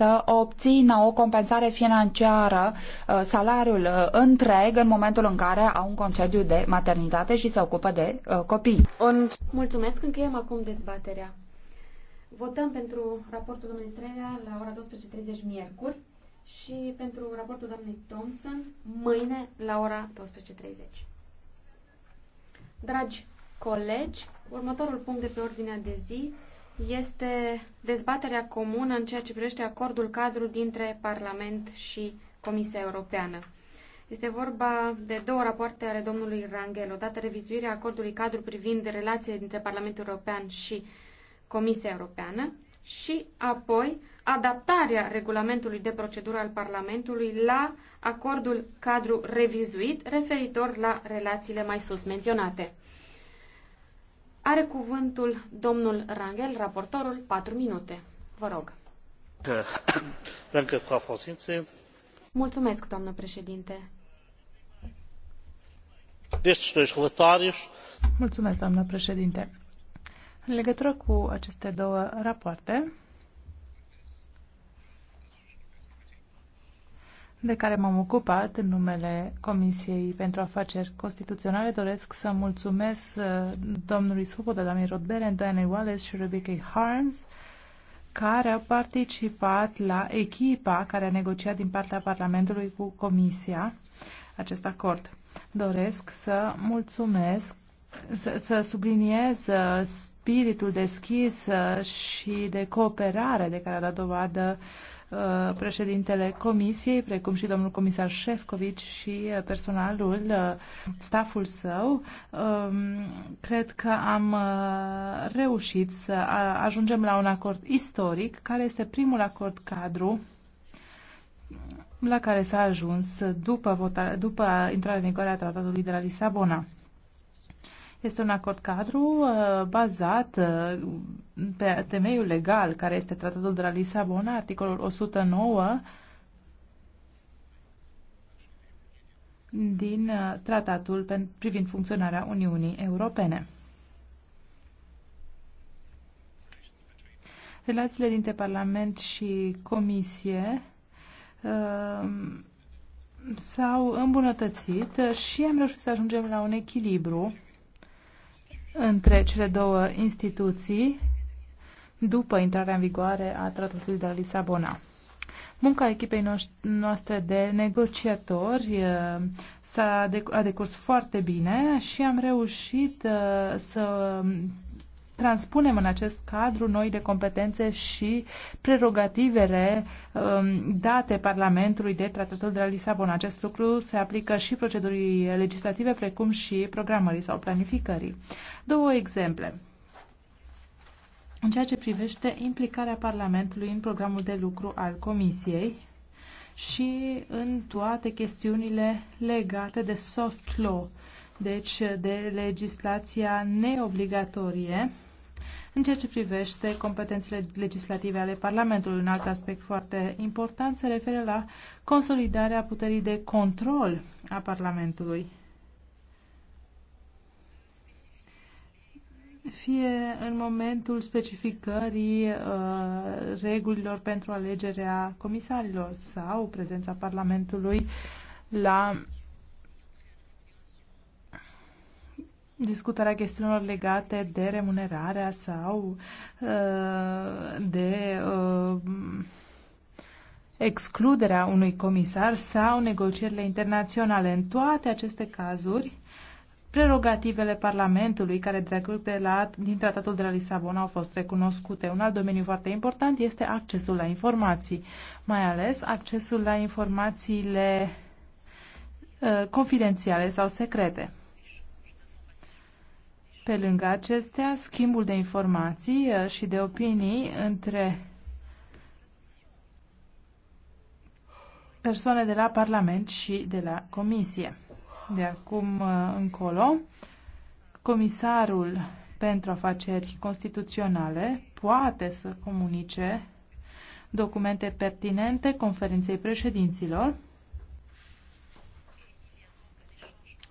să obțină o compensare financiară, uh, salariul uh, întreg, în momentul în care au un concediu de maternitate și se ocupă de uh, copii. Mulțumesc, încheiem acum dezbaterea. Votăm pentru raportul domnului Strelea la ora 12.30 miercuri și pentru raportul domnului Thompson mâine la ora 12.30. Dragi colegi, următorul punct de pe ordinea de zi este dezbaterea comună în ceea ce privește acordul cadru dintre Parlament și Comisia Europeană. Este vorba de două rapoarte ale domnului Rangel. Odată revizuirea acordului cadru privind relațiile dintre Parlamentul European și Comisia Europeană și apoi adaptarea regulamentului de procedură al Parlamentului la acordul cadru revizuit referitor la relațiile mai sus menționate. Are cuvântul domnul Rangel, raportorul, 4 minute. Vă rog. Mulțumesc, doamnă președinte. Mulțumesc, doamnă președinte. În legătură cu aceste două rapoarte, de care m-am ocupat în numele Comisiei pentru Afaceri Constituționale, doresc să mulțumesc uh, domnului Svoboda, doamnei Rodberen, Diana Wallace și Rebecca Harms, care au participat la echipa care a negociat din partea Parlamentului cu Comisia acest acord. Doresc să mulțumesc, să, să subliniez uh, spiritul deschis uh, și de cooperare de care a dat dovadă uh, Uh, președintele comisiei, precum și domnul comisar Șefcovici și uh, personalul, uh, staful său. Um, cred că am reușit să ajungem la un acord istoric, care este primul acord cadru la care s-a ajuns după, votare, după intrarea în vigoare a tratatului de la Lisabona. Este un acord cadru uh, bazat uh, pe temeiul legal care este tratatul de la Lisabona, articolul 109 din uh, tratatul privind funcționarea Uniunii Europene. Relațiile dintre Parlament și Comisie uh, s-au îmbunătățit și am reușit să ajungem la un echilibru între cele două instituții după intrarea în vigoare a Tratatului de la Lisabona. Munca echipei noastre de negociatori uh, s-a a decurs foarte bine și am reușit uh, să transpunem în acest cadru noi de competențe și prerogativele um, date Parlamentului de Tratatul de la Lisabona. Acest lucru se aplică și procedurii legislative, precum și programării sau planificării. Două exemple. În ceea ce privește implicarea Parlamentului în programul de lucru al Comisiei și în toate chestiunile legate de soft law, deci de legislația neobligatorie în ceea ce privește competențele legislative ale Parlamentului, un alt aspect foarte important se referă la consolidarea puterii de control a Parlamentului. fie în momentul specificării uh, regulilor pentru alegerea comisarilor sau prezența Parlamentului la discutarea chestiunilor legate de remunerarea sau uh, de uh, excluderea unui comisar sau negocierile internaționale. În toate aceste cazuri, prerogativele Parlamentului, care decurg de la, din Tratatul de la Lisabona, au fost recunoscute. Un alt domeniu foarte important este accesul la informații, mai ales accesul la informațiile uh, confidențiale sau secrete. Pe lângă acestea, schimbul de informații uh, și de opinii între persoane de la Parlament și de la Comisie. De acum uh, încolo, comisarul pentru afaceri constituționale poate să comunice documente pertinente conferinței președinților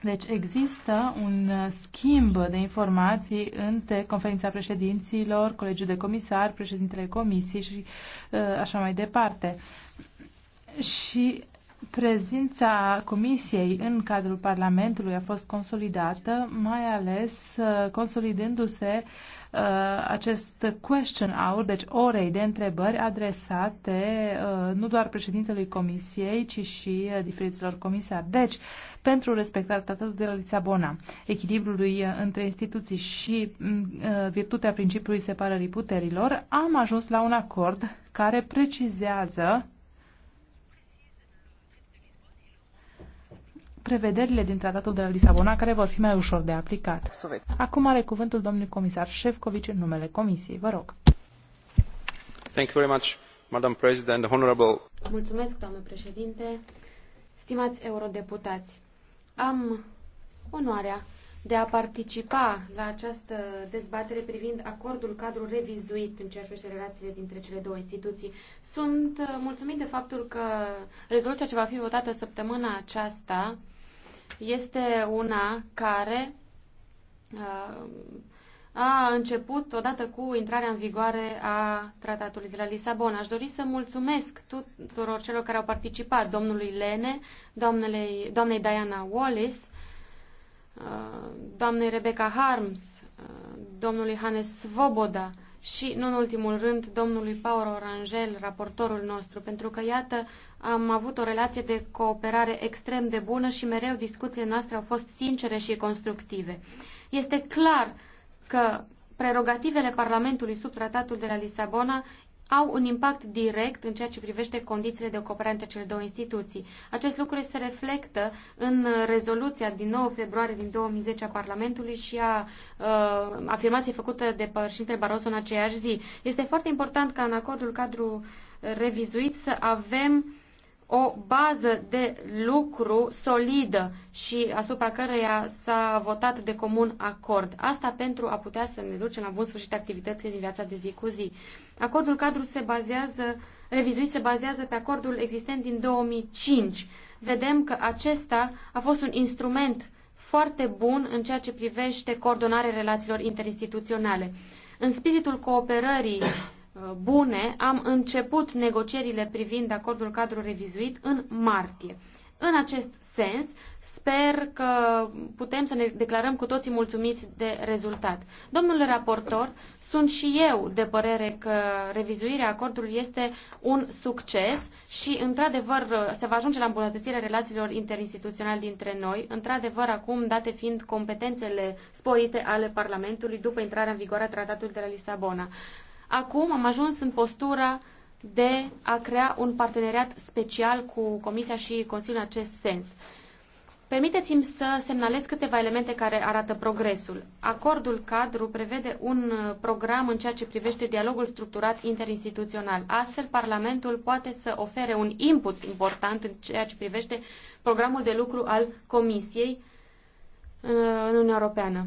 Deci există un uh, schimb de informații între conferința președinților, colegiul de comisar, președintele comisiei și uh, așa mai departe. Și prezența comisiei în cadrul Parlamentului a fost consolidată, mai ales uh, consolidându-se Uh, acest question hour, deci orei de întrebări adresate uh, nu doar președintelui Comisiei, ci și uh, diferiților comisari. Deci, pentru respectarea tratatului de la Lisabona, echilibrului între instituții și mm, virtutea principiului separării puterilor, am ajuns la un acord care precizează prevederile din tratatul de la Lisabona, care vor fi mai ușor de aplicat. Acum are cuvântul domnul comisar Șefcovici în numele Comisiei. Vă rog. Thank you very much, Madam President, honorable... Mulțumesc, doamnă președinte, stimați eurodeputați. Am onoarea de a participa la această dezbatere privind acordul cadru revizuit în ceea ce privește relațiile dintre cele două instituții. Sunt uh, mulțumit de faptul că rezoluția ce va fi votată săptămâna aceasta este una care uh, a început odată cu intrarea în vigoare a tratatului de la Lisabona. Aș dori să mulțumesc tuturor celor care au participat, domnului Lene, doamnelei, doamnei Diana Wallis, uh, doamnei Rebecca Harms, uh, domnului Hannes Svoboda, și, nu în ultimul rând, domnului Paul Orangel, raportorul nostru, pentru că, iată, am avut o relație de cooperare extrem de bună și mereu discuțiile noastre au fost sincere și constructive. Este clar că prerogativele Parlamentului sub tratatul de la Lisabona au un impact direct în ceea ce privește condițiile de cooperare între cele două instituții. Acest lucru se reflectă în rezoluția din 9 februarie din 2010 a Parlamentului și a uh, afirmației făcute de președintele Barroso în aceeași zi. Este foarte important ca în acordul cadru revizuit să avem o bază de lucru solidă și asupra căreia s-a votat de comun acord. Asta pentru a putea să ne ducem la bun sfârșit activitățile din viața de zi cu zi. Uh, Acordul cadru se bazează, revizuit se bazează pe acordul existent din 2005. Vedem că acesta a fost un instrument foarte bun în ceea ce privește coordonarea relațiilor interinstituționale. În spiritul cooperării uh, bune, am început negocierile privind acordul cadru revizuit în martie. În acest sens, Sper că putem să ne declarăm cu toții mulțumiți de rezultat. Domnule raportor, sunt și eu de părere că revizuirea acordului este un succes și, într-adevăr, se va ajunge la îmbunătățirea relațiilor interinstituționale dintre noi, într-adevăr, acum date fiind competențele sporite ale Parlamentului după intrarea în vigoare a Tratatului de la Lisabona. Acum am ajuns în postura de a crea un parteneriat special cu Comisia și Consiliul în acest sens. Permiteți-mi să semnalez câteva elemente care arată progresul. Acordul cadru prevede un uh, program în ceea ce privește dialogul structurat interinstituțional. Astfel, Parlamentul poate să ofere un input important în ceea ce privește programul de lucru al Comisiei uh, în Uniunea Europeană.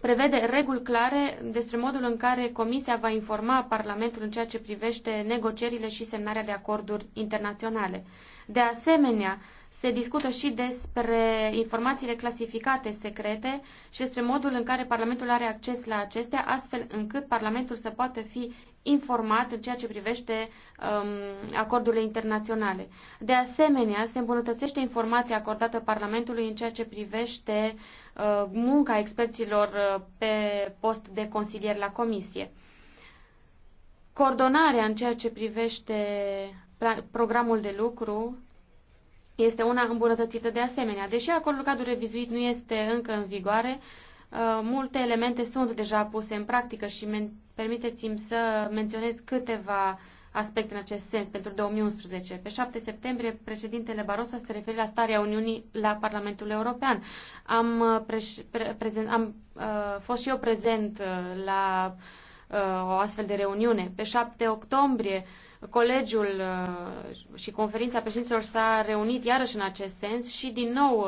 Prevede reguli clare despre modul în care Comisia va informa Parlamentul în ceea ce privește negocierile și semnarea de acorduri internaționale. De asemenea, se discută și despre informațiile clasificate secrete și despre modul în care Parlamentul are acces la acestea, astfel încât Parlamentul să poată fi informat în ceea ce privește um, acordurile internaționale. De asemenea, se îmbunătățește informația acordată Parlamentului în ceea ce privește uh, munca experților uh, pe post de consilier la Comisie. Coordonarea în ceea ce privește programul de lucru este una îmbunătățită de asemenea. Deși acordul cadru revizuit nu este încă în vigoare, uh, multe elemente sunt deja puse în practică și men- permiteți-mi să menționez câteva aspecte în acest sens pentru 2011. Pe 7 septembrie, președintele Barroso se referi la starea Uniunii la Parlamentul European. Am, uh, preș- pre- prezent, am uh, fost și eu prezent uh, la uh, o astfel de reuniune. Pe 7 octombrie, uh, Colegiul uh, și conferința președinților s-a reunit iarăși în acest sens și din nou uh,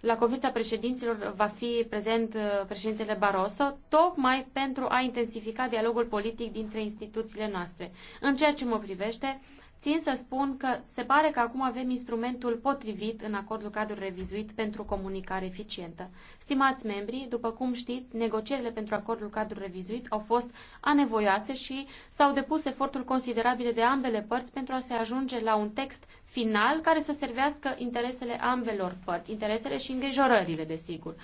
la conferința președinților va fi prezent uh, președintele Barroso, tocmai pentru a intensifica dialogul politic dintre instituțiile noastre. În ceea ce mă privește, Țin să spun că se pare că acum avem instrumentul potrivit în acordul cadru revizuit pentru comunicare eficientă. Stimați membri, după cum știți, negocierile pentru acordul cadru revizuit au fost anevoioase și s-au depus eforturi considerabile de ambele părți pentru a se ajunge la un text final care să servească interesele ambelor părți, interesele și îngrijorările, desigur.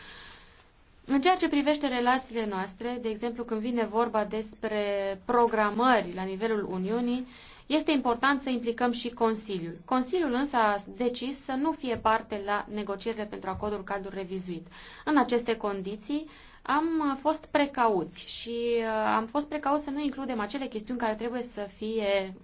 În ceea ce privește relațiile noastre, de exemplu când vine vorba despre programări la nivelul Uniunii, este important să implicăm și Consiliul. Consiliul însă a decis să nu fie parte la negocierile pentru acordul cadru revizuit. În aceste condiții, am uh, fost precauți și uh, am fost precauți să nu includem acele chestiuni care trebuie să fie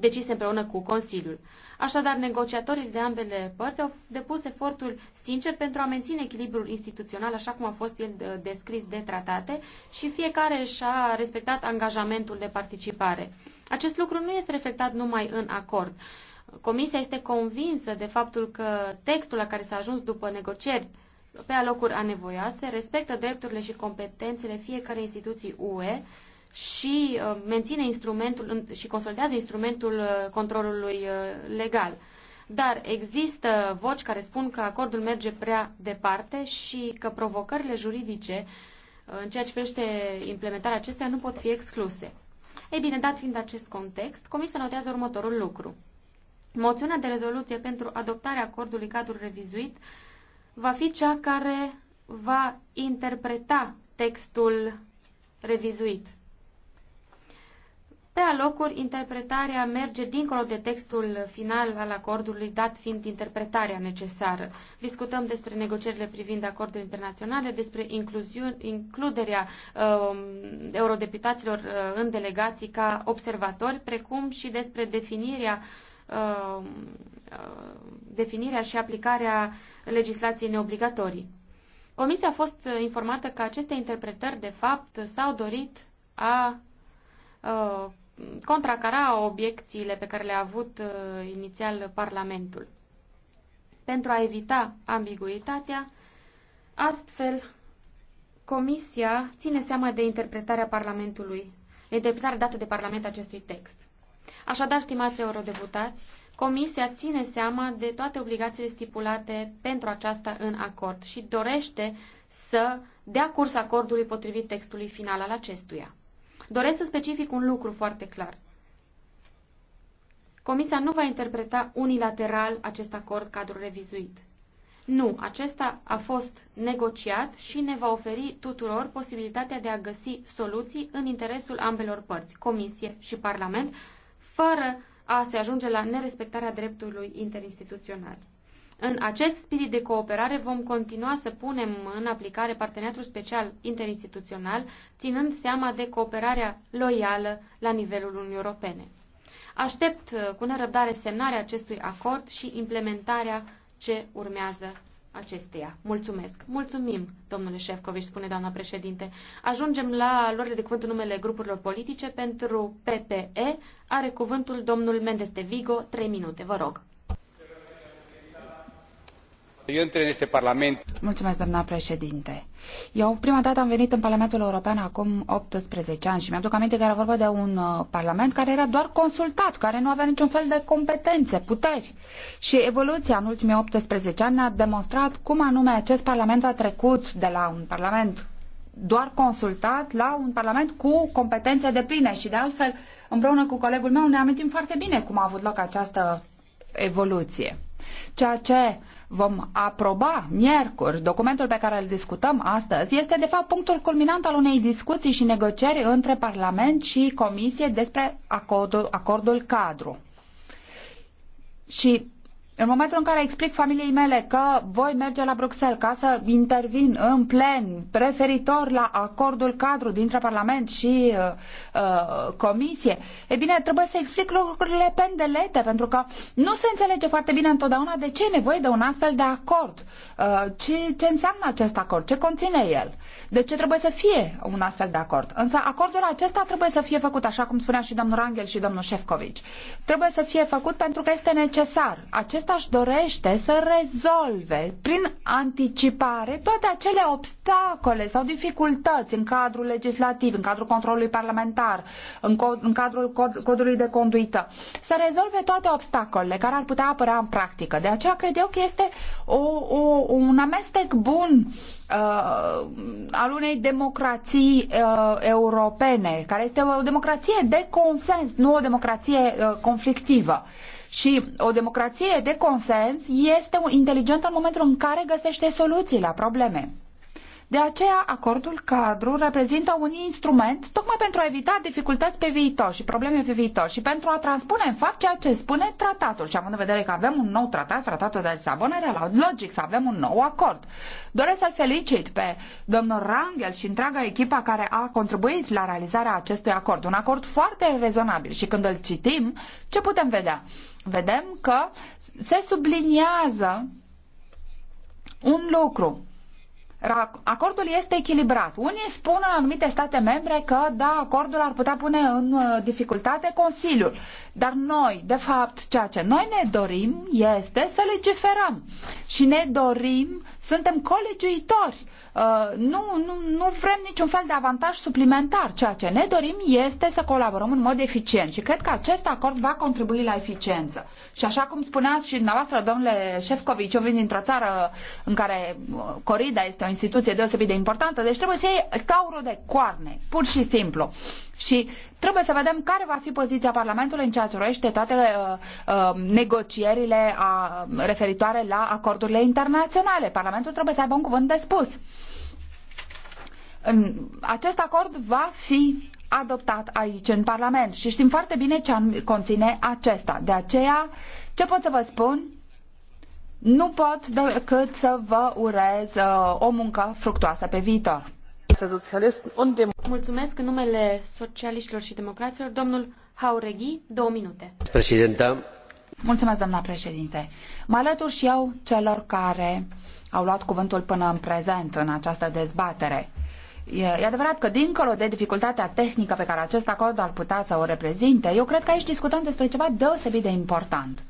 decise împreună cu Consiliul. Așadar, negociatorii de ambele părți au depus efortul sincer pentru a menține echilibrul instituțional așa cum a fost el uh, descris de tratate și fiecare și-a respectat angajamentul de participare. Acest lucru nu este reflectat numai în acord. Comisia este convinsă de faptul că textul la care s-a ajuns după negocieri pe alocuri anevoioase, respectă drepturile și competențele fiecărei instituții UE și uh, menține instrumentul și consolidează instrumentul uh, controlului uh, legal. Dar există voci care spun că acordul merge prea departe și că provocările juridice în ceea ce privește implementarea acestuia nu pot fi excluse. Ei bine, dat fiind acest context, Comisia notează următorul lucru. Moțiunea de rezoluție pentru adoptarea acordului cadru revizuit va fi cea care va interpreta textul revizuit. Pe alocuri, interpretarea merge dincolo de textul final al acordului, dat fiind interpretarea necesară. Discutăm despre negocierile privind acorduri internaționale, despre includerea uh, eurodeputaților uh, în delegații ca observatori, precum și despre definirea, uh, uh, definirea și aplicarea uh, legislației neobligatorii. Comisia a fost uh, informată că aceste interpretări, de fapt, s-au dorit a, a uh, contracara obiecțiile pe care le-a avut a, uh, inițial Parlamentul. Pentru a evita ambiguitatea, astfel, Comisia ține seama de interpretarea Parlamentului, de interpretarea dată de Parlament acestui text. Așadar, stimați eurodeputați, Comisia ține seama de toate obligațiile stipulate pentru aceasta în acord și dorește să dea curs acordului potrivit textului final al acestuia. Doresc să specific un lucru foarte clar. Comisia nu va interpreta unilateral acest acord cadru revizuit. Nu, acesta a fost negociat și ne va oferi tuturor posibilitatea de a găsi soluții în interesul ambelor părți, Comisie și Parlament, fără a se ajunge la nerespectarea dreptului interinstituțional. În acest spirit de cooperare vom continua să punem în aplicare parteneriatul special interinstituțional, ținând seama de cooperarea loială la nivelul Uniunii Europene. Aștept uh, cu nerăbdare semnarea acestui acord și implementarea ce urmează acesteia. Mulțumesc. Mulțumim, domnule Șefcoviș, spune doamna președinte. Ajungem la luările de cuvânt în numele grupurilor politice pentru PPE. Are cuvântul domnul Mendes de Vigo, Trei minute, vă rog eu intré în este parlament. Mulțumesc, doamna președinte. Eu prima dată am venit în Parlamentul European acum 18 ani și mi-aduc aminte că era vorba de un uh, parlament care era doar consultat, care nu avea niciun fel de competențe, puteri. Și evoluția în ultimii 18 ani ne-a demonstrat cum anume acest parlament a trecut de la un parlament doar consultat la un parlament cu competențe de pline și de altfel, împreună cu colegul meu, ne amintim foarte bine cum a avut loc această evoluție. Ceea ce vom aproba miercuri, documentul pe care îl discutăm astăzi, este de fapt punctul culminant al unei discuții și negocieri între Parlament și Comisie despre acordul, acordul cadru. Și în momentul în care explic familiei mele că voi merge la Bruxelles ca să intervin în plen referitor la acordul cadru dintre Parlament și uh, uh, Comisie, e bine, trebuie să explic lucrurile pendelete, pentru că nu se înțelege foarte bine întotdeauna de ce e nevoie de un astfel de acord, uh, ce, ce înseamnă acest acord, ce conține el de ce trebuie să fie un astfel de acord. Însă acordul acesta trebuie să fie făcut, așa cum spunea și domnul Rangel și domnul Șefcovici. Trebuie să fie făcut pentru că este necesar. Acesta își dorește să rezolve prin anticipare toate acele obstacole sau dificultăți în cadrul legislativ, în cadrul controlului parlamentar, în, co- în cadrul cod, codului de conduită. Să rezolve toate obstacolele care ar putea apărea în practică. De aceea cred eu că este o, o, un amestec bun uh, al unei democrații uh, europene, care este o democrație de consens, nu o democrație uh, conflictivă. Și o democrație de consens este inteligentă în momentul în care găsește soluții la probleme. De aceea, acordul cadru reprezintă un instrument tocmai pentru a evita dificultăți pe viitor și probleme pe viitor și pentru a transpune în fapt ceea ce spune tratatul. Și având în vedere că avem un nou tratat, tratatul de Lisabona, era logic să avem un nou acord. Doresc să-l felicit pe domnul Rangel și întreaga echipa care a contribuit la realizarea acestui acord. Un acord foarte rezonabil și când îl citim, ce putem vedea? Vedem că se subliniază un lucru Acordul este echilibrat. Unii spun în anumite state membre că, da, acordul ar putea pune în uh, dificultate Consiliul. Dar noi, de fapt, ceea ce noi ne dorim este să legiferăm. Și ne dorim, suntem colegiuitori Uh, nu, nu, nu vrem niciun fel de avantaj suplimentar. Ceea ce ne dorim este să colaborăm în mod eficient și cred că acest acord va contribui la eficiență. Și așa cum spuneați și dumneavoastră, domnule Șefcovici, eu vin dintr-o țară în care uh, Corida este o instituție deosebit de importantă, deci trebuie să iei taurul de coarne, pur și simplu. Și trebuie să vedem care va fi poziția Parlamentului în ceea ce urește toate uh, uh, negocierile a, uh, referitoare la acordurile internaționale. Parlamentul trebuie să aibă un cuvânt de spus acest acord va fi adoptat aici în Parlament și știm foarte bine ce conține acesta. De aceea, ce pot să vă spun? Nu pot decât să vă urez uh, o muncă fructoasă pe viitor. Mulțumesc în numele socialiștilor și democraților, domnul Haureghi, două minute. Președinta. Mulțumesc, doamna președinte. Mă alătur și eu celor care au luat cuvântul până în prezent în această dezbatere. E adevărat că dincolo de dificultatea tehnică pe care acest acord ar putea să o reprezinte, eu cred că aici discutăm despre ceva deosebit de important.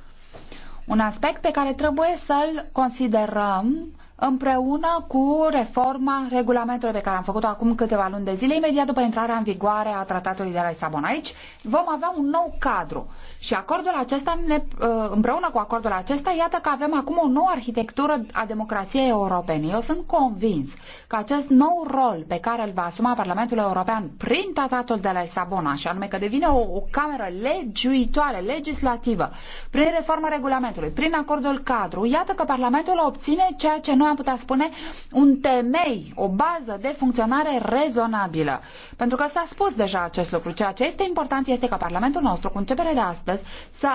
Un aspect pe care trebuie să-l considerăm împreună cu reforma regulamentului pe care am făcut-o acum câteva luni de zile, imediat după intrarea în vigoare a tratatului de la Lisabona. Aici vom avea un nou cadru și acordul acesta, ne, uh, împreună cu acordul acesta, iată că avem acum o nouă arhitectură a democrației europene. Eu sunt convins că acest nou rol pe care îl va asuma Parlamentul European prin tratatul de la Lisabona, și anume că devine o, o cameră legiuitoare, legislativă, prin reforma regulamentului, prin acordul cadru, iată că Parlamentul obține ceea ce noi am putea spune, un temei, o bază de funcționare rezonabilă. Pentru că s-a spus deja acest lucru. Ceea ce este important este ca Parlamentul nostru, cu începere de astăzi, să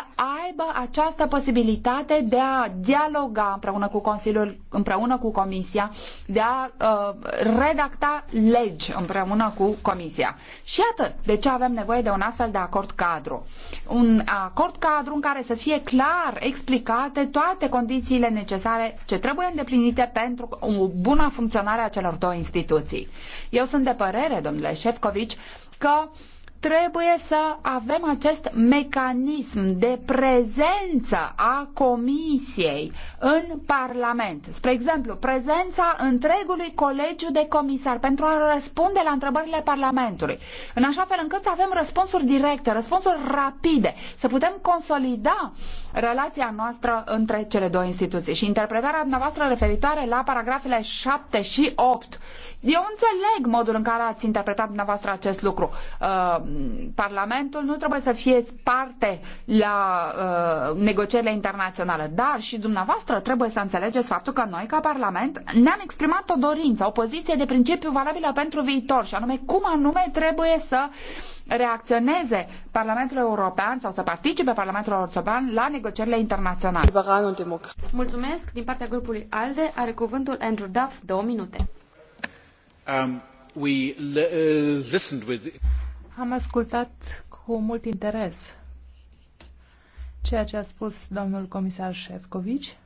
aibă această posibilitate de a dialoga împreună cu Consiliul, împreună cu Comisia, de a uh, redacta legi împreună cu Comisia. Și iată de ce avem nevoie de un astfel de acord cadru. Un acord cadru în care să fie clar explicate toate condițiile necesare ce trebuie îndeplinite requisite pentru o bună funcționare a celor două instituții. Eu sunt de părere, domnule Șefcovici, că trebuie să avem acest mecanism de prezență a Comisiei în Parlament. Spre exemplu, prezența întregului colegiu de comisar pentru a răspunde la întrebările Parlamentului. În așa fel încât să avem răspunsuri directe, răspunsuri rapide, să putem consolida relația noastră între cele două instituții. Și interpretarea dumneavoastră referitoare la paragrafele 7 și 8. Eu înțeleg modul în care ați interpretat dumneavoastră acest lucru. Uh, Parlamentul nu trebuie să fie parte la uh, negocierile internaționale, dar și dumneavoastră trebuie să înțelegeți faptul că noi, ca Parlament, ne-am exprimat o dorință, o poziție de principiu valabilă pentru viitor, și anume cum anume trebuie să reacționeze Parlamentul European sau să participe Parlamentul European la negocierile internaționale. Mulțumesc. Din partea grupului ALDE are cuvântul Andrew Duff, două minute. Um, we uh, listened with... Am ascultat cu mult interes ceea ce a spus domnul comisar Șefcovici.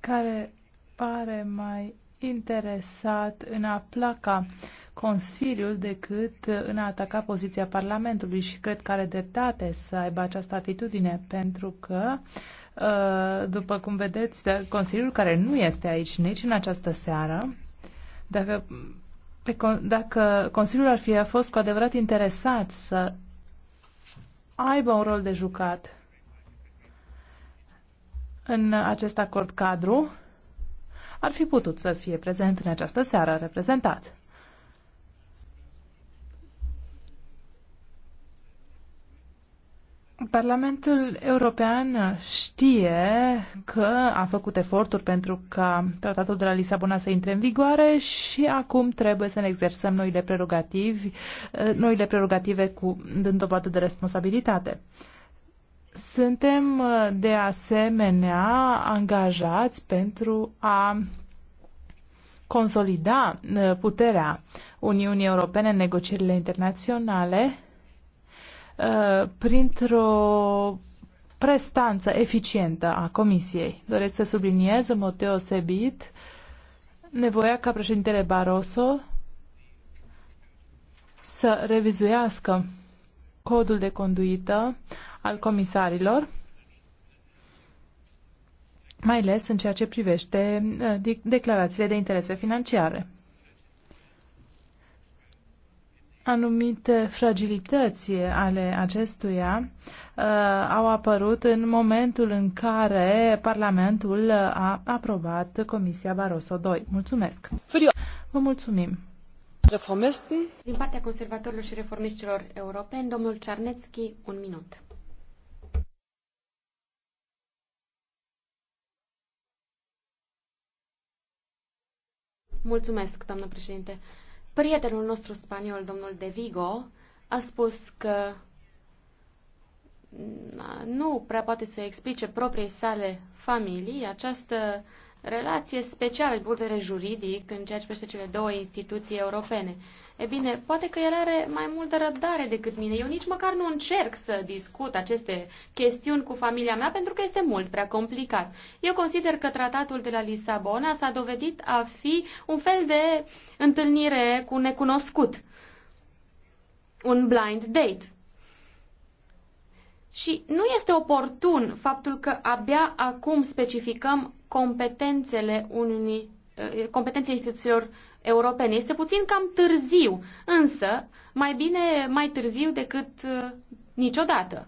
care pare mai interesat în a placa Consiliul decât în a ataca poziția Parlamentului și cred că are dreptate să aibă această atitudine pentru că uh, Uh, după cum vedeți, da, Consiliul care nu este aici nici în această seară, dacă, pe, dacă Consiliul ar fi fost cu adevărat interesat să aibă un rol de jucat în acest acord cadru, ar fi putut să fie prezent în această seară reprezentat. Parlamentul European știe că a făcut eforturi pentru ca tratatul de la Lisabona să intre în vigoare și acum trebuie să ne exersăm noile, prerogativi, eh, noile prerogative cu dând dovadă de responsabilitate. Suntem eh, de asemenea angajați pentru a consolida eh, puterea Uniunii Europene în negocierile internaționale Uh, printr-o prestanță eficientă a Comisiei. Doresc să subliniez în mod deosebit nevoia ca președintele Barroso să revizuiască codul de conduită al comisarilor, mai ales în ceea ce privește uh, declarațiile de interese financiare anumite fragilități ale acestuia uh, au apărut în momentul în care Parlamentul a aprobat Comisia Barroso II. Mulțumesc! Vă mulțumim! Reformisten. Din partea conservatorilor și reformiștilor europeni, domnul Cernetski, un minut. Mulțumesc, doamnă președinte. Prietenul nostru spaniol, domnul De Vigo, a spus că nu prea poate să explice propriei sale familii această relație specială din punct de vedere juridic în ceea ce privește cele două instituții europene. E bine, poate că el are mai multă răbdare decât mine. Eu nici măcar nu încerc să discut aceste chestiuni cu familia mea pentru că este mult prea complicat. Eu consider că tratatul de la Lisabona s-a dovedit a fi un fel de întâlnire cu necunoscut. Un blind date. Și nu este oportun faptul că abia acum specificăm competențele unii eh, competențele instituțiilor europene. Este puțin cam târziu, însă mai bine mai târziu decât eh, niciodată.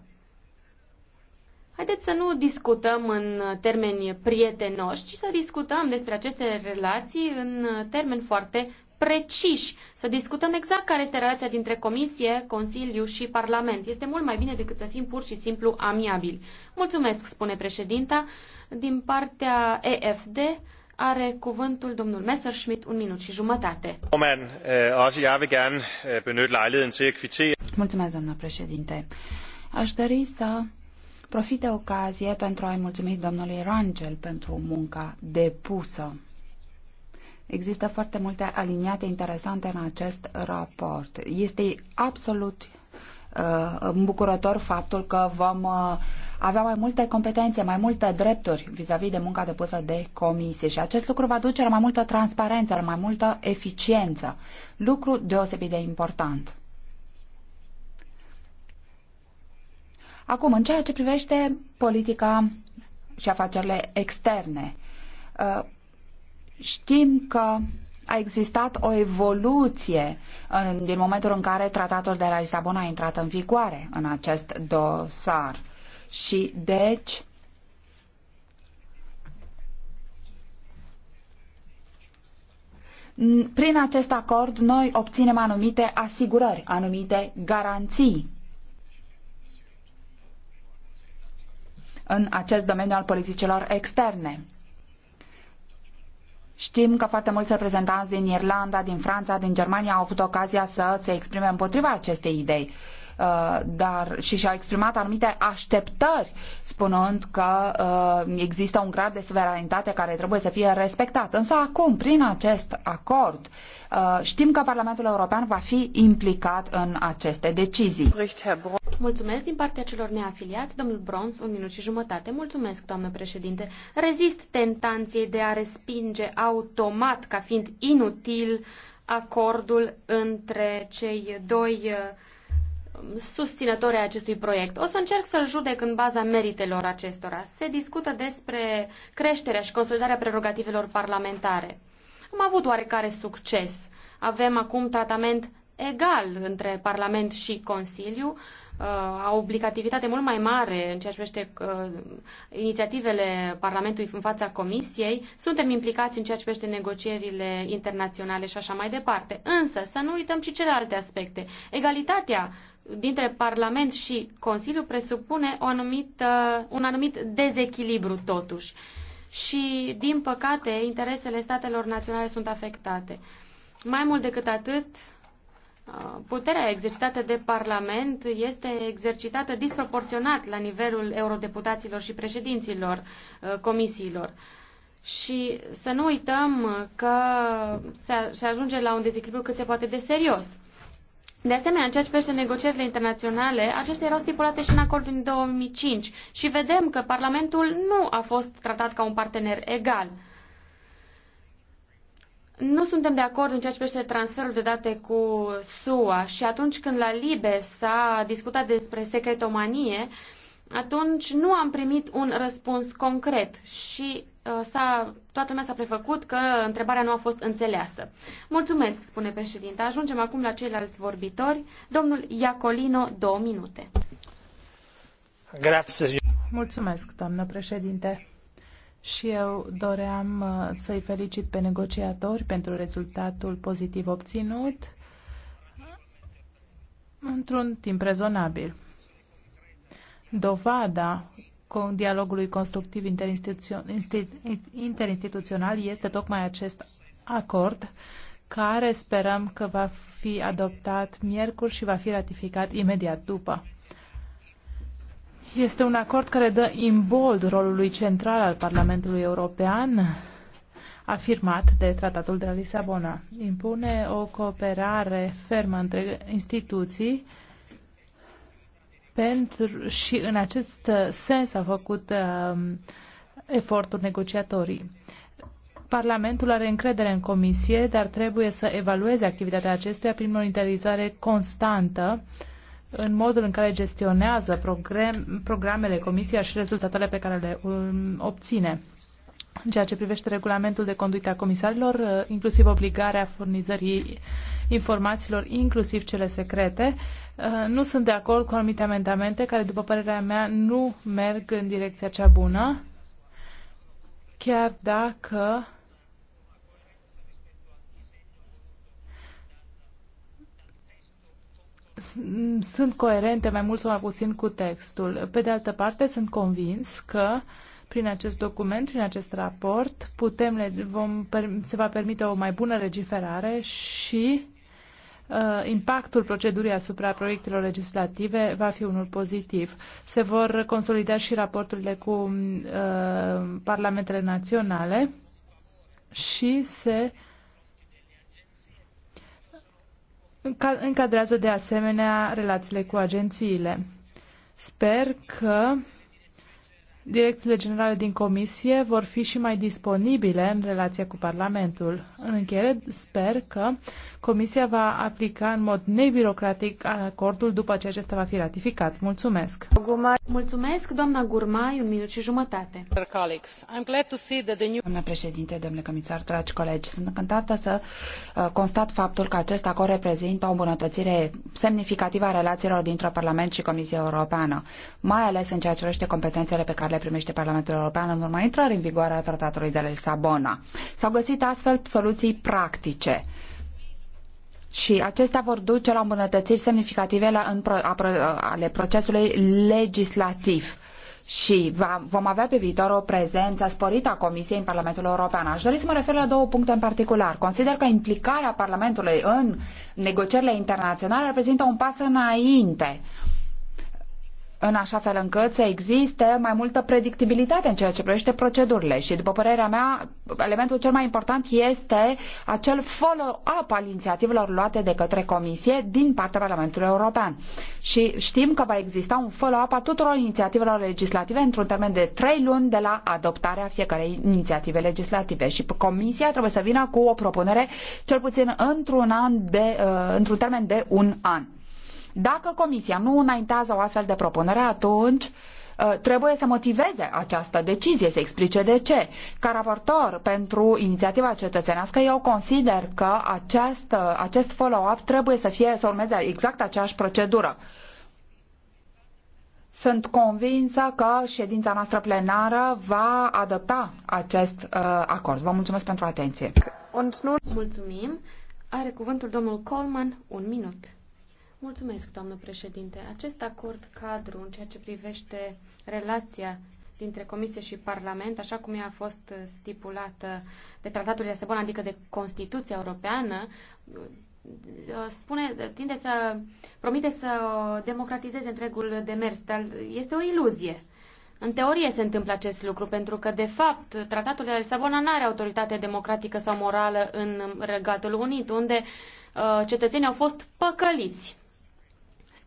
Haideți să nu discutăm în termeni prietenoși, ci să discutăm despre aceste relații în termeni foarte preciși, să discutăm exact care este relația dintre Comisie, Consiliu și Parlament. Este mult mai bine decât să fim pur și simplu amiabili. Mulțumesc, spune președinta. Din partea EFD are cuvântul domnul Messerschmidt un minut și jumătate. Eh, eh, Mulțumesc, doamnă președinte. Aș dori să profit de ocazie pentru a-i mulțumi domnului Rangel pentru munca depusă Există foarte multe aliniate interesante în acest raport. Este absolut uh, îmbucurător faptul că vom uh, avea mai multe competențe, mai multe drepturi vis-a-vis -vis de munca depusă de comisie și acest lucru va duce la mai multă transparență, la mai multă eficiență. Lucru deosebit de important. Acum, în ceea ce privește politica și afacerile externe, uh, Știm că a existat o evoluție în, din momentul în care tratatul de la Lisabona a intrat în vigoare în acest dosar. Și deci prin acest acord noi obținem anumite asigurări, anumite garanții în acest domeniu al politicilor externe. Știm că foarte mulți reprezentanți din Irlanda, din Franța, din Germania au avut ocazia să se exprime împotriva acestei idei uh, dar și și-au exprimat anumite așteptări, spunând că uh, există un grad de suveranitate care trebuie să fie respectat. Însă acum, prin acest acord, uh, știm că Parlamentul European va fi implicat în aceste decizii. Mulțumesc din partea celor neafiliați, domnul Brons, un minut și jumătate. Mulțumesc, doamnă președinte. Rezist tentanției de a respinge automat, ca fiind inutil, acordul între cei doi uh, susținători ai acestui proiect. O să încerc să-l judec în baza meritelor acestora. Se discută despre creșterea și consolidarea prerogativelor parlamentare. Am avut oarecare succes. Avem acum tratament egal între Parlament și Consiliu uh, o obligativitate mult mai mare în ceea ce privește uh, inițiativele Parlamentului în fața Comisiei, suntem implicați în ceea ce privește negocierile internaționale și așa mai departe. Însă să nu uităm și celelalte aspecte. Egalitatea dintre Parlament și Consiliu presupune o anumită, un anumit dezechilibru totuși. Și, din păcate, interesele statelor naționale sunt afectate. Mai mult decât atât, Puterea exercitată de Parlament este exercitată disproporționat la nivelul eurodeputaților și președinților uh, comisiilor. Și să nu uităm că se ajunge la un dezechilibru cât se poate de serios. De asemenea, în ceea ce privește negocierile internaționale, acestea erau stipulate și în acordul din 2005 și vedem că Parlamentul nu a fost tratat ca un partener egal. Nu suntem de acord în ceea ce privește transferul de date cu SUA și atunci când la Libe s-a discutat despre secretomanie, atunci nu am primit un răspuns concret și uh, s-a, toată lumea s-a prefăcut că întrebarea nu a fost înțeleasă. Mulțumesc, spune președinte. Ajungem acum la ceilalți vorbitori. Domnul Iacolino, două minute. Grazie. Mulțumesc, doamnă președinte și eu doream uh, să-i felicit pe negociatori pentru rezultatul pozitiv obținut într-un timp rezonabil. Dovada dialogului constructiv interinstituțional este tocmai acest acord care sperăm că va fi adoptat miercuri și va fi ratificat imediat după. Este un acord care dă imbold rolului central al Parlamentului European, afirmat de Tratatul de la Lisabona. Impune o cooperare fermă între instituții pentru, și în acest sens a făcut uh, eforturi negociatorii. Parlamentul are încredere în comisie, dar trebuie să evalueze activitatea acestuia prin monitorizare constantă uh, în modul în care gestionează programele Comisia și rezultatele pe care le um, obține. În ceea ce privește regulamentul de conduită a comisarilor, uh, inclusiv obligarea furnizării informațiilor, inclusiv cele secrete, uh, nu sunt de acord cu anumite amendamente care, după părerea mea, nu merg în direcția cea bună, chiar dacă sunt coerente mai mult sau mai puțin cu textul. Pe de altă parte, sunt convins că prin acest document, prin acest raport, putem, le vom, se va permite o mai bună legiferare și uh, impactul procedurii asupra proiectelor legislative va fi unul pozitiv. Se vor consolida și raporturile cu uh, parlamentele naționale și se încadrează de asemenea relațiile cu agențiile. Sper că direcțiile generale din Comisie vor fi și mai disponibile în relația cu Parlamentul. În încheiere, sper că Comisia va aplica în mod nebirocratic acordul după ce acesta va fi ratificat. Mulțumesc! Mulțumesc, doamna Gurmai, un minut și jumătate. Doamna președinte, domnule comisar, dragi colegi, sunt încântată să uh, constat faptul că acest acord reprezintă o îmbunătățire semnificativă a relațiilor dintre Parlament și Comisia Europeană, mai ales în ceea ce privește competențele pe care le primește Parlamentul European în urma intrării în vigoare a Tratatului de la Lisabona. S-au găsit astfel soluții practice și acestea vor duce la îmbunătățiri semnificative la, în, a, ale procesului legislativ și va, vom avea pe viitor o prezență sporită a Comisiei în Parlamentul European. Aș dori să mă refer la două puncte în particular. Consider că implicarea Parlamentului în negocierile internaționale reprezintă un pas înainte uh, în așa fel încât să existe mai multă predictibilitate în ceea ce privește procedurile și, după părerea mea, elementul cel mai important este acel follow-up al inițiativelor luate de către Comisie din partea Parlamentului European. Și știm că va exista un follow-up a tuturor inițiativelor legislative într-un termen de trei luni de la adoptarea fiecarei inițiative legislative și Comisia trebuie să vină cu o propunere cel puțin într-un an de, uh, într-un termen de un an. Dacă Comisia nu înaintează o astfel de propunere, atunci uh, trebuie să motiveze această decizie, să explice de ce. Ca raportor pentru inițiativa cetățenească, eu consider că acest, uh, acest follow-up trebuie să, fie, să urmeze exact aceeași procedură. Sunt convinsă că ședința noastră plenară va adopta acest uh, acord. Vă mulțumesc pentru atenție. Mulțumim. Are cuvântul domnul Coleman, un minut. Mulțumesc, doamnă președinte. Acest acord cadru în ceea ce privește relația dintre Comisie și Parlament, așa cum ea a fost stipulată de Tratatul de Lisabona, adică de Constituția Europeană, uh, spune, tinde să promite să democratizeze întregul demers, dar este o iluzie. În teorie se întâmplă acest lucru, pentru că, de fapt, tratatul de la Lisabona nu are autoritate democratică sau morală în Regatul Unit, unde uh, cetățenii au fost păcăliți.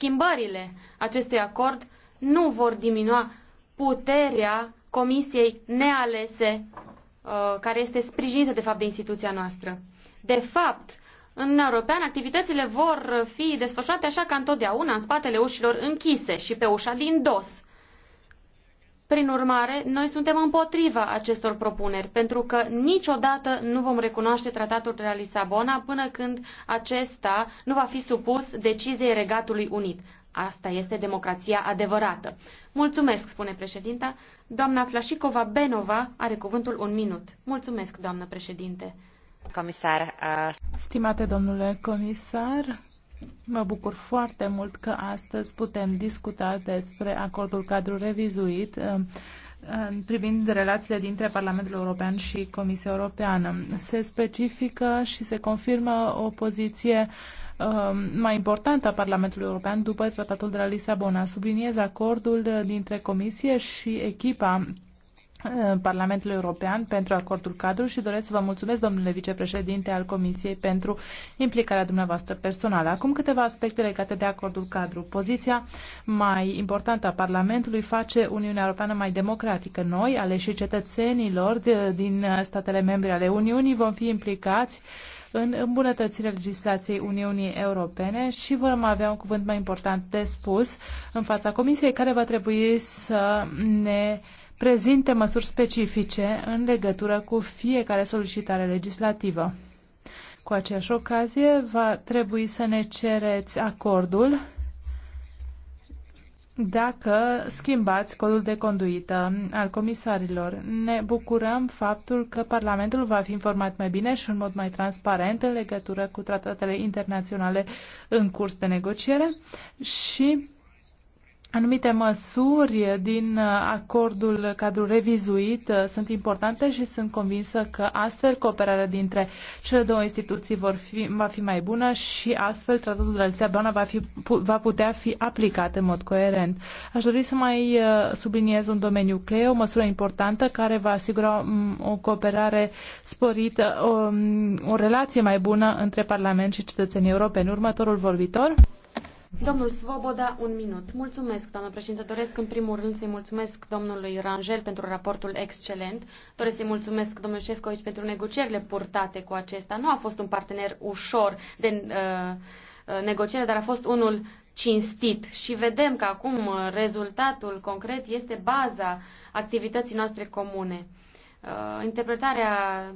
Schimbările acestui acord nu vor diminua puterea comisiei nealese, uh, care este sprijinită de fapt de instituția noastră. De fapt, în Uniunea Europeană, activitățile vor fi desfășurate așa ca întotdeauna, în spatele ușilor închise și pe ușa din dos. Prin urmare, noi suntem împotriva acestor propuneri, pentru că niciodată nu vom recunoaște tratatul de la Lisabona până când acesta nu va fi supus deciziei Regatului Unit. Asta este democrația adevărată. Mulțumesc, spune președinta. Doamna Flașicova Benova are cuvântul un minut. Mulțumesc, doamnă președinte. Comisar, uh... Stimate domnule comisar, Mă bucur foarte mult că astăzi putem discuta despre acordul cadru revizuit uh, privind relațiile dintre Parlamentul European și Comisia Europeană. Se specifică și se confirmă o poziție uh, mai importantă a Parlamentului European după Tratatul de la Lisabona. Subliniez acordul dintre Comisie și echipa Uh, Parlamentului European pentru acordul cadru și doresc să vă mulțumesc, domnule vicepreședinte al Comisiei, pentru implicarea dumneavoastră personală. Acum câteva aspecte legate de acordul cadru. Poziția mai importantă a Parlamentului face Uniunea Europeană mai democratică. Noi, aleși cetățenilor de, din statele membre ale Uniunii, vom fi implicați în îmbunătățirea legislației Uniunii Europene și vom avea un cuvânt mai important de spus în fața Comisiei, care va trebui să ne prezinte măsuri specifice în legătură cu fiecare solicitare legislativă. Cu aceeași ocazie, va trebui să ne cereți acordul dacă schimbați codul de conduită al comisarilor. Ne bucurăm faptul că Parlamentul va fi informat mai bine și în mod mai transparent în legătură cu tratatele internaționale în curs de negociere și anumite măsuri din acordul cadru revizuit uh, sunt importante și sunt convinsă că astfel cooperarea dintre cele două instituții vor fi, va fi mai bună și astfel tratatul de la Lisabona va, fi, va putea fi aplicat în mod coerent. Aș dori să mai uh, subliniez un domeniu cleu, o măsură importantă care va asigura um, o cooperare sporită, o, um, o relație mai bună între Parlament și cetățenii europeni. Următorul vorbitor. Domnul Svoboda, un minut. Mulțumesc, doamnă președinte. Doresc în primul rând să-i mulțumesc domnului Rangel pentru raportul excelent. Doresc să-i mulțumesc domnului Șefcovici pentru negocierile purtate cu acesta. Nu a fost un partener ușor de uh, uh negociere, dar a fost unul cinstit și vedem că acum uh, rezultatul concret este baza activității noastre comune. Uh, interpretarea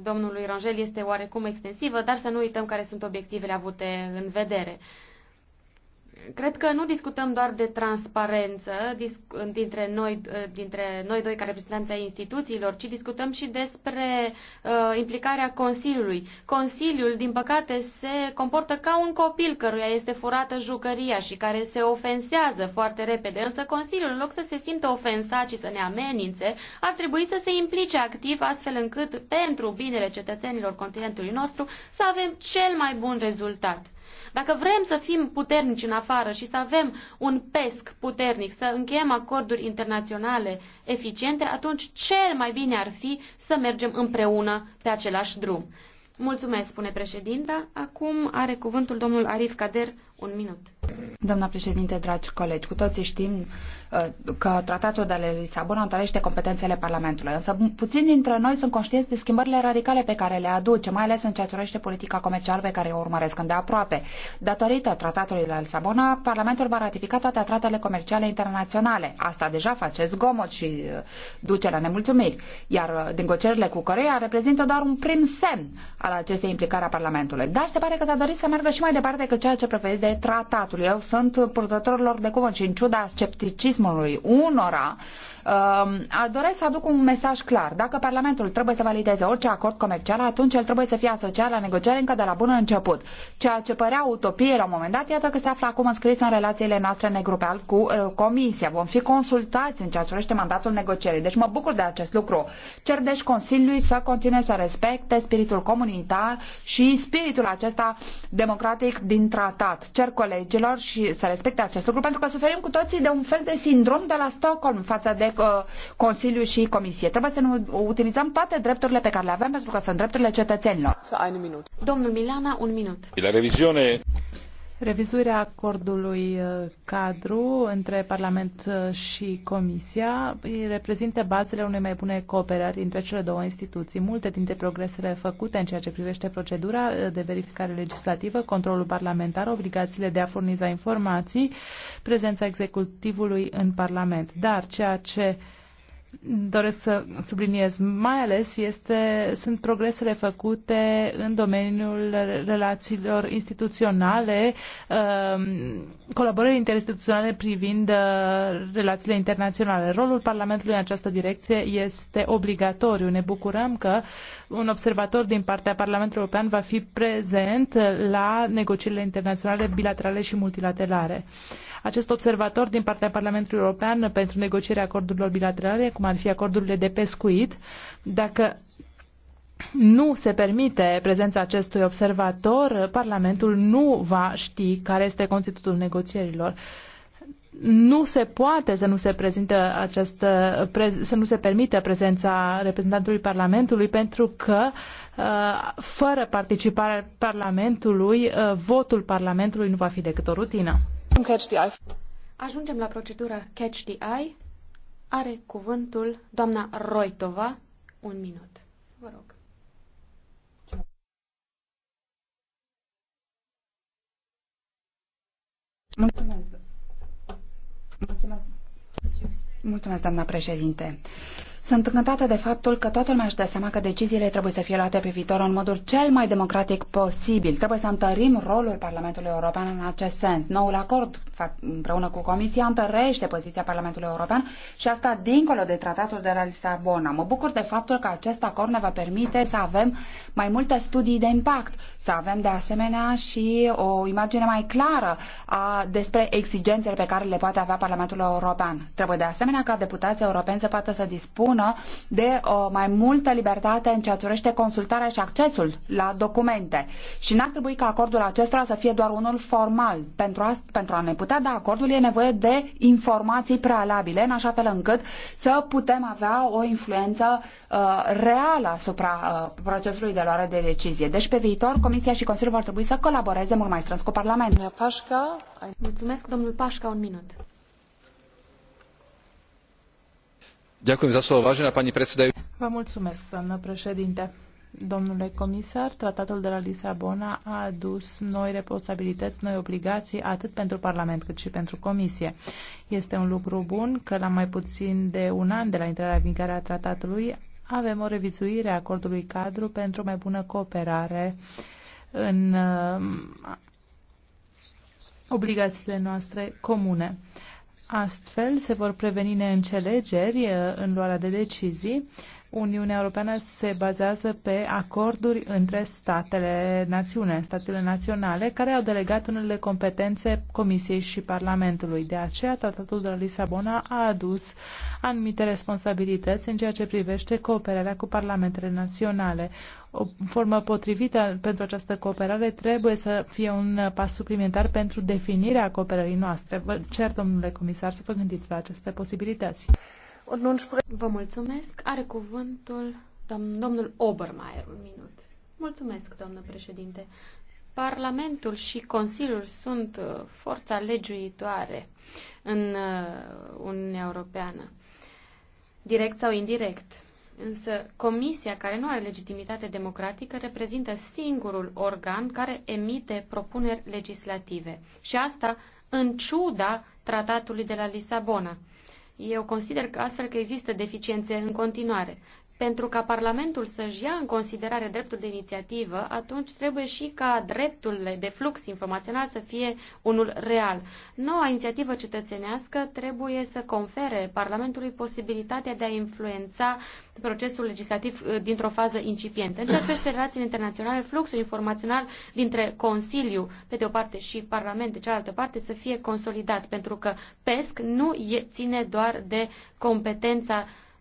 domnului Rangel este oarecum extensivă, dar să nu uităm care sunt obiectivele avute în vedere. Cred că nu discutăm doar de transparență dintre noi, dintre noi doi ca reprezentanți ai instituțiilor, ci discutăm și despre uh, implicarea Consiliului. Consiliul, din păcate, se comportă ca un copil căruia este furată jucăria și care se ofensează foarte repede. Însă Consiliul, în loc să se simtă ofensat și să ne amenințe, ar trebui să se implice activ astfel încât, pentru binele cetățenilor continentului nostru, să avem cel mai bun rezultat. Dacă vrem să fim puternici în afară și să avem un pesc puternic, să încheiem acorduri internaționale eficiente, atunci cel mai bine ar fi să mergem împreună pe același drum. Mulțumesc, spune președinta. Acum are cuvântul domnul Arif Kader, un minut. Doamna președinte, dragi colegi, cu toții știm uh, că tratatul de la Lisabona întărește competențele Parlamentului, însă puțini dintre noi sunt conștienți de schimbările radicale pe care le aduce, mai ales în ceea ce urește politica comercială pe care o urmăresc îndeaproape. Datorită tratatului de la Lisabona, Parlamentul va ratifica toate tratele comerciale internaționale. Asta deja face zgomot și uh, duce la nemulțumiri, iar uh, negocierile cu Coreea reprezintă doar un prim semn al acestei implicări a Parlamentului. Dar se pare că s-a dorit să meargă și mai departe decât ceea ce prevede de tratatul. Eu sunt purtătorilor de cuvânt și în ciuda scepticismului unora uh, doresc să aduc un mesaj clar. Dacă Parlamentul trebuie să valideze orice acord comercial, atunci el trebuie să fie asociat la negocieri încă de la bun început. Ceea ce părea utopie la un moment dat, iată că se află acum înscris în relațiile noastre negrupeal cu uh, Comisia. Vom fi consultați în ceea ce urește mandatul negocierii. Deci mă bucur de acest lucru. Cer deci Consiliului să continue să respecte spiritul comunitar și spiritul acesta democratic din tratat. Cer colegilor și să respecte acest lucru pentru că suferim cu toții de un fel de sindrom de la Stockholm față de Uh, Consiliu și Comisie. Trebuie să ne utilizăm toate drepturile pe care le avem pentru că sunt drepturile cetățenilor. Domnul Milana, un minut. La reviziune Revizuirea acordului uh, cadru între Parlament uh, și Comisia reprezintă bazele unei mai bune cooperări între cele două instituții. Multe dintre progresele făcute în ceea ce privește procedura uh, de verificare legislativă, controlul parlamentar, obligațiile de a furniza informații, prezența executivului în Parlament. Dar ceea ce uh, doresc să subliniez mai ales este, sunt progresele făcute în domeniul relațiilor instituționale, um, colaborării interinstituționale privind uh, relațiile internaționale. Rolul Parlamentului în această direcție este obligatoriu. Ne bucurăm că un observator din partea Parlamentului European va fi prezent la negocierile internaționale bilaterale și multilaterale. Acest observator din partea Parlamentului European pentru negocierea acordurilor bilaterale, cum ar fi acordurile de pescuit, dacă nu se permite prezența acestui observator, Parlamentul nu va ști care este constitutul negocierilor nu se poate să nu se prezinte această, să nu se permite prezența reprezentantului Parlamentului pentru că uh, fără participarea Parlamentului, uh, votul Parlamentului nu va fi decât o rutină. Ajungem la procedura Catch the Eye. Are cuvântul doamna Roitova. Un minut. Vă rog. Mulțumesc. Mulțumesc. Mulțumesc, doamna președinte. Sunt încântată de faptul că toată lumea își dă seama că deciziile trebuie să fie luate pe viitor în modul cel mai democratic posibil. Trebuie să întărim rolul Parlamentului European în acest sens. Noul acord împreună cu Comisia întărește poziția Parlamentului European și asta dincolo de tratatul de la Lisabona. Mă bucur de faptul că acest acord ne va permite să avem mai multe studii de impact, să avem de asemenea și o imagine mai clară a, despre exigențele pe care le poate avea Parlamentul European. Trebuie de asemenea ca deputații europeni să poată să dispună bună de o uh, mai multă libertate în ceea ce urește consultarea și accesul la documente. Și n-ar trebui ca acordul acesta să fie doar unul formal. Pentru a, pentru a ne putea da acordul e nevoie de informații prealabile, în așa fel încât să putem avea o influență uh, reală asupra uh, procesului de luare de decizie. Deci pe viitor Comisia și Consiliul vor trebui să colaboreze mult mai strâns cu Parlamentul. Pașca, ai... Mulțumesc, domnul Pașca, un minut. Vă mulțumesc, doamnă președinte. Domnule comisar, tratatul de la Lisabona a adus noi responsabilități, noi obligații, atât pentru Parlament cât și pentru Comisie. Este un lucru bun că la mai puțin de un an de la intrarea în vigoare a tratatului avem o revizuire a acordului cadru pentru mai bună cooperare în um, obligațiile noastre comune. Astfel se vor preveni neînțelegeri uh, în luarea de decizii Uniunea Europeană se bazează pe acorduri între statele națiune, statele naționale, care au delegat unele competențe Comisiei și Parlamentului. De aceea, Tratatul de la Lisabona a adus anumite responsabilități în ceea ce privește cooperarea cu parlamentele naționale. O formă potrivită pentru această cooperare trebuie să fie un pas suplimentar pentru definirea cooperării noastre. Vă cer, domnule comisar, să vă gândiți la aceste posibilități. Vă mulțumesc. Are cuvântul domnul Obermeier, un minut. Mulțumesc, doamnă președinte. Parlamentul și Consiliul sunt uh, forța legiuitoare în uh, Uniunea Europeană, direct sau indirect. Însă Comisia, care nu are legitimitate democratică, reprezintă singurul organ care emite propuneri legislative. Și asta în ciuda tratatului de la Lisabona. Eu consider că astfel că există deficiențe în continuare pentru ca Parlamentul să-și ia în considerare dreptul de inițiativă, atunci trebuie și ca dreptul de flux informațional să fie unul real. Noua inițiativă cetățenească trebuie să confere Parlamentului posibilitatea de a influența procesul legislativ uh, dintr-o fază incipientă. În ceea ce privește relațiile internaționale, fluxul informațional dintre Consiliu, pe de o parte, și Parlament, de cealaltă parte, să fie consolidat, pentru că PESC nu e, ține doar de competența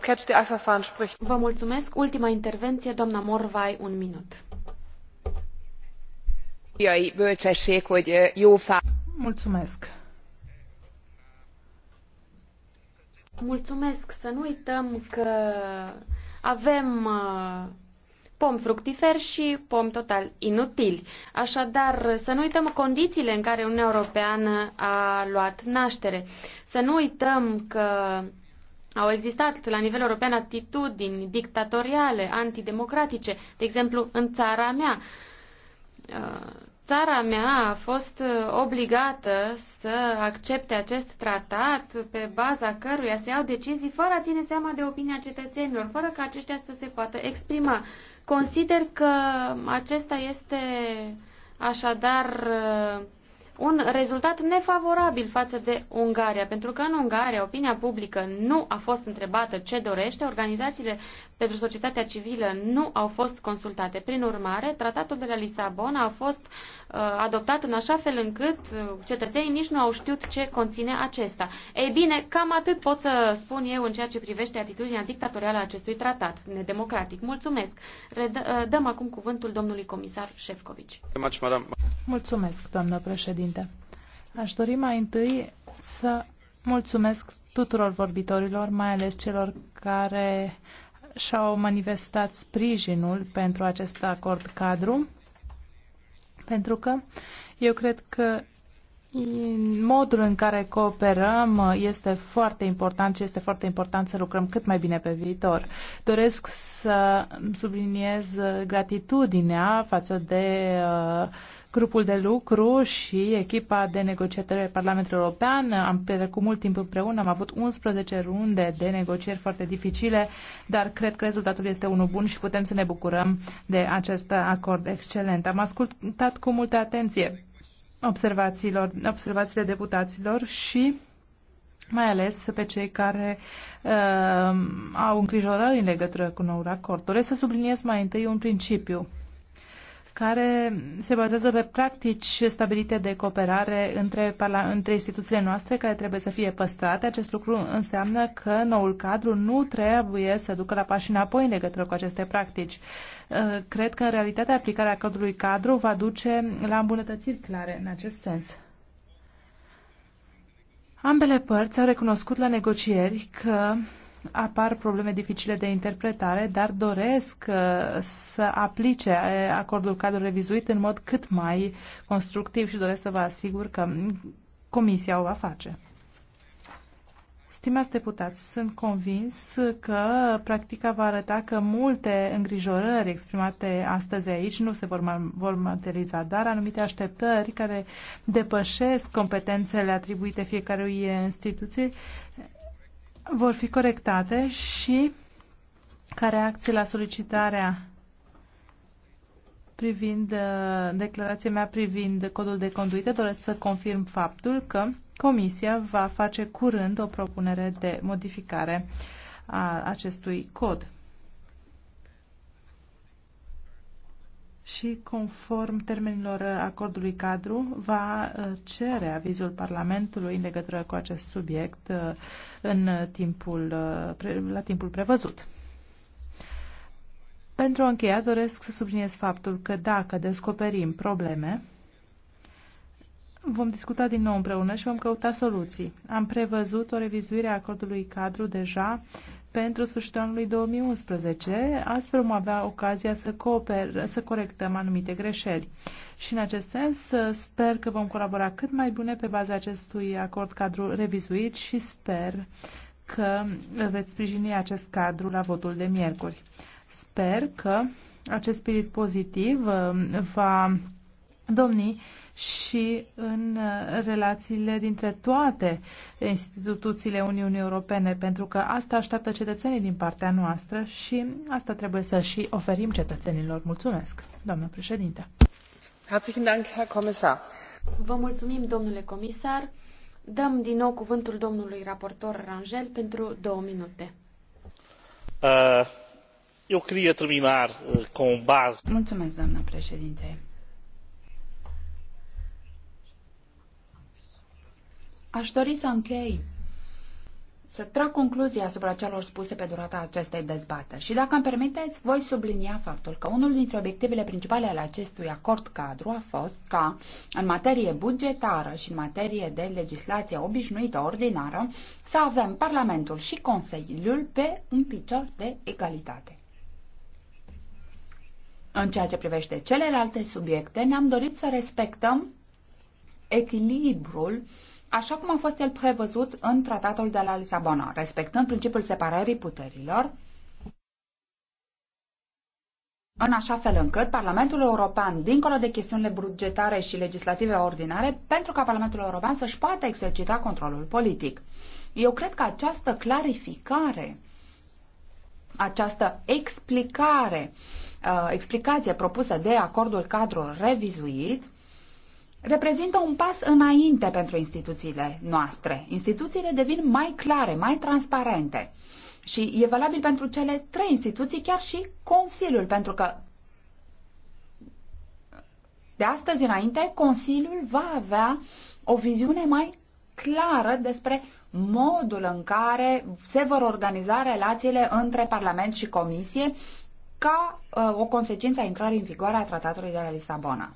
Catch the Eye-Verfahren spricht. Vă mulțumesc. Ultima intervenție, doamna Morvai, un minut. Eh, mulțumesc. Mulțumesc. Să nu uităm că avem eh, pom fructiferi și pom total inutili. Așadar, să nu uităm condițiile în care Uniunea Europeană a luat naștere. Să nu uităm că au existat la nivel european atitudini dictatoriale, antidemocratice, de exemplu în țara mea. Uh, țara mea a fost uh, obligată să accepte acest tratat pe baza căruia se iau decizii fără a ține seama de opinia cetățenilor, fără ca aceștia să se poată exprima. Consider că acesta este așadar uh, un rezultat nefavorabil față de Ungaria, pentru că în Ungaria opinia publică nu a fost întrebată ce dorește, organizațiile pentru societatea civilă nu au fost consultate. Prin urmare, tratatul de la Lisabona a fost uh, adoptat în așa fel încât uh, cetățenii nici nu au știut ce conține acesta. Ei bine, cam atât pot să spun eu în ceea ce privește atitudinea dictatorială a acestui tratat nedemocratic. Mulțumesc. Redă, uh, dăm acum cuvântul domnului comisar Șefcovici. Mulțumesc, doamnă președinte. Aș dori mai întâi să mulțumesc tuturor vorbitorilor, mai ales celor care și-au manifestat sprijinul pentru acest acord cadru, pentru că eu cred că modul în care cooperăm este foarte important și este foarte important să lucrăm cât mai bine pe viitor. Doresc să subliniez gratitudinea față de uh, grupul de lucru și echipa de negociere Parlamentului European. Am petrecut mult timp împreună, am avut 11 runde de negocieri foarte dificile, dar cred că rezultatul este unul bun și putem să ne bucurăm de acest acord excelent. Am ascultat cu multă atenție observațiilor, observațiile deputaților și mai ales pe cei care uh, au îngrijorări în legătură cu noul acord. Doresc să subliniez mai întâi un principiu care se bazează pe practici stabilite de cooperare între, între instituțiile noastre care trebuie să fie păstrate. Acest lucru înseamnă că noul cadru nu trebuie să ducă la pași înapoi în legătură cu aceste practici. Uh, cred că, în realitate, aplicarea codului cadru va duce la îmbunătățiri clare în acest sens. Ambele părți au recunoscut la negocieri că apar probleme dificile de interpretare, dar doresc uh, să aplice uh, acordul cadru revizuit în mod cât mai constructiv și doresc să vă asigur că Comisia o va face. Stimați deputați, sunt convins că practica va arăta că multe îngrijorări exprimate astăzi aici nu se vor, vor materializa, dar anumite așteptări care depășesc competențele atribuite fiecărui instituție vor fi corectate și ca reacție la solicitarea privind uh, declarația mea privind codul de conduită, doresc să confirm faptul că Comisia va face curând o propunere de modificare a acestui cod. și, conform termenilor acordului cadru, va uh, cere avizul Parlamentului în legătură cu acest subiect uh, în timpul, uh, la timpul prevăzut. Pentru a încheia, doresc să subliniez faptul că dacă descoperim probleme, vom discuta din nou împreună și vom căuta soluții. Am prevăzut o revizuire a acordului cadru deja pentru sfârșitul anului 2011. Astfel vom avea ocazia să, cooper, să corectăm anumite greșeli. Și în acest sens sper că vom colabora cât mai bune pe baza acestui acord cadru revizuit și sper că veți sprijini acest cadru la votul de miercuri. Sper că acest spirit pozitiv uh, va domnii și în uh, relațiile dintre toate instituțiile Uniunii Europene, pentru că asta așteaptă cetățenii din partea noastră și asta trebuie să și oferim cetățenilor. Mulțumesc, doamnă președinte. Herzlichen Dank, Herr Kommissar. Vă mulțumim, domnule comisar. Dăm din nou cuvântul domnului raportor Rangel pentru două minute. Uh, eu queria terminar uh, o bază. Mulțumesc, doamnă președinte. Aș dori să închei, să trag concluzia asupra celor spuse pe durata acestei dezbateri. Și dacă îmi permiteți, voi sublinia faptul că unul dintre obiectivele principale ale acestui acord cadru a fost ca, în materie bugetară și în materie de legislație obișnuită, ordinară, să avem Parlamentul și Consiliul pe un picior de egalitate. În ceea ce privește celelalte subiecte, ne-am dorit să respectăm echilibrul uh, așa cum a fost el prevăzut în tratatul de la Lisabona, respectând principiul separării puterilor, în așa fel încât Parlamentul European, dincolo de chestiunile bugetare și legislative ordinare, pentru ca Parlamentul European să-și poată exercita controlul politic. Eu cred că această clarificare, această explicare, uh, explicație propusă de acordul cadru revizuit, reprezintă un pas înainte pentru instituțiile noastre. Instituțiile devin mai clare, mai transparente. Și e valabil pentru cele trei instituții, chiar și Consiliul, pentru că de astăzi înainte, Consiliul va avea o viziune mai clară despre modul în care se vor organiza relațiile între Parlament și Comisie ca uh, o consecință a intrării în vigoare a Tratatului de la Lisabona.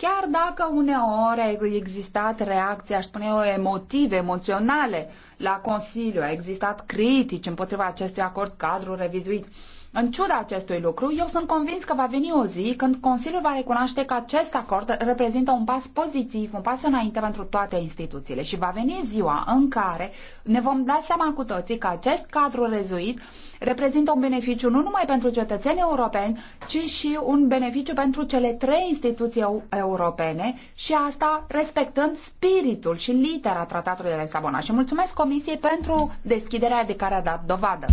Chiar dacă uneori a existat reacții, aș spune eu, emotive, emoționale la Consiliu, a existat critici împotriva acestui acord cadru revizuit, în ciuda acestui lucru, eu sunt convins că va veni o zi când Consiliul va recunoaște că acest acord reprezintă un pas pozitiv, un pas înainte pentru toate instituțiile și va veni ziua în care ne vom da seama cu toții că acest cadru rezuit reprezintă un beneficiu nu numai pentru cetățenii europeni, ci și un beneficiu pentru cele trei instituții europene și asta respectând spiritul și litera Tratatului de Lisabona. Și mulțumesc Comisiei pentru deschiderea de care a dat dovadă.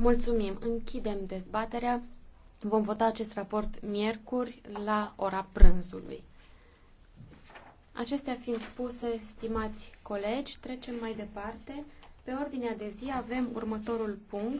Mulțumim. Închidem dezbaterea. Vom vota acest raport miercuri la ora prânzului. Acestea fiind spuse, stimați colegi, trecem mai departe. Pe ordinea de zi avem următorul punct.